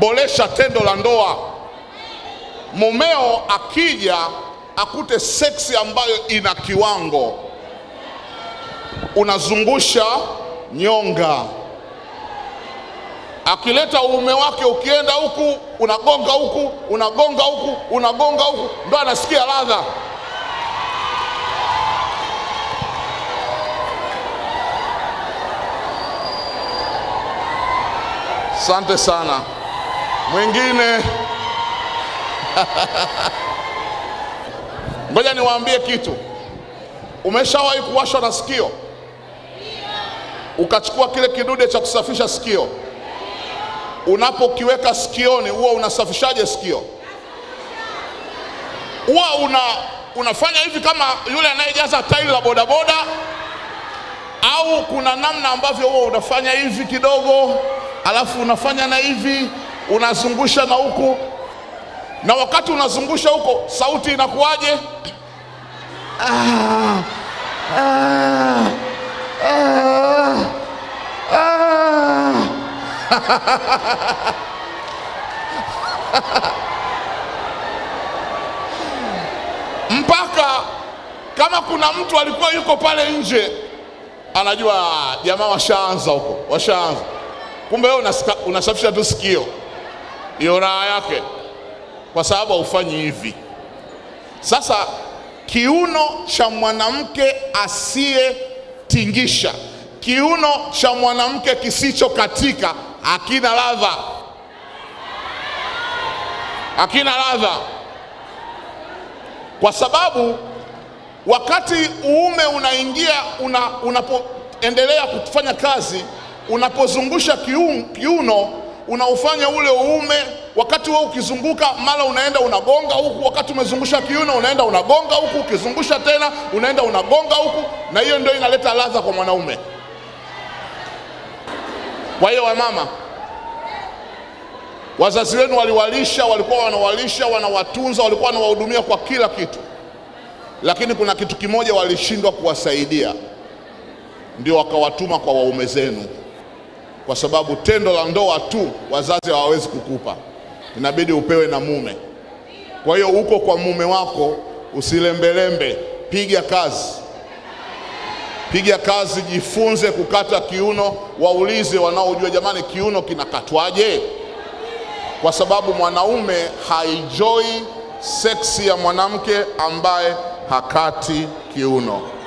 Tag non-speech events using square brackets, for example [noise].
boresha tendo la ndoa. Mumeo akija akute seksi ambayo ina kiwango, unazungusha nyonga. Akileta uume wake, ukienda huku unagonga huku unagonga huku unagonga huku, ndo anasikia ladha. Asante sana. Mwingine [laughs] ngoja niwaambie kitu. Umeshawahi kuwashwa na sikio ukachukua kile kidude cha kusafisha sikio? Unapokiweka sikioni, huwa unasafishaje sikio? Huwa una unafanya hivi kama yule anayejaza tairi la bodaboda, au kuna namna ambavyo huwa unafanya hivi kidogo, alafu unafanya na hivi unazungusha na huku, na wakati unazungusha huko sauti inakuwaje? ah, ah, ah, ah. mpaka kama kuna mtu alikuwa yuko pale nje anajua jamaa washaanza huko, washaanza. Kumbe wewe unasafisha tu sikio hiyo raha yake, kwa sababu haufanyi hivi. Sasa kiuno cha mwanamke asiyetingisha, kiuno cha mwanamke kisichokatika hakina ladha, hakina ladha, kwa sababu wakati uume unaingia una, unapoendelea kufanya kazi, unapozungusha kiuno unaofanya ule uume, wakati wewe ukizunguka, mara unaenda unagonga huku, wakati umezungusha kiuno, unaenda unagonga huku, ukizungusha tena unaenda unagonga huku, na hiyo ndio inaleta ladha kwa mwanaume. Kwa hiyo wamama, wazazi wenu waliwalisha, walikuwa wanawalisha, wanawatunza, walikuwa wanawahudumia kwa kila kitu, lakini kuna kitu kimoja walishindwa kuwasaidia, ndio wakawatuma kwa waume zenu kwa sababu tendo la ndoa tu wazazi hawawezi kukupa, inabidi upewe na mume. Kwa hiyo uko kwa mume wako, usilembelembe, piga kazi, piga kazi, jifunze kukata kiuno, waulize wanaojua, jamani, kiuno kinakatwaje? Kwa sababu mwanaume haijoi seksi ya mwanamke ambaye hakati kiuno.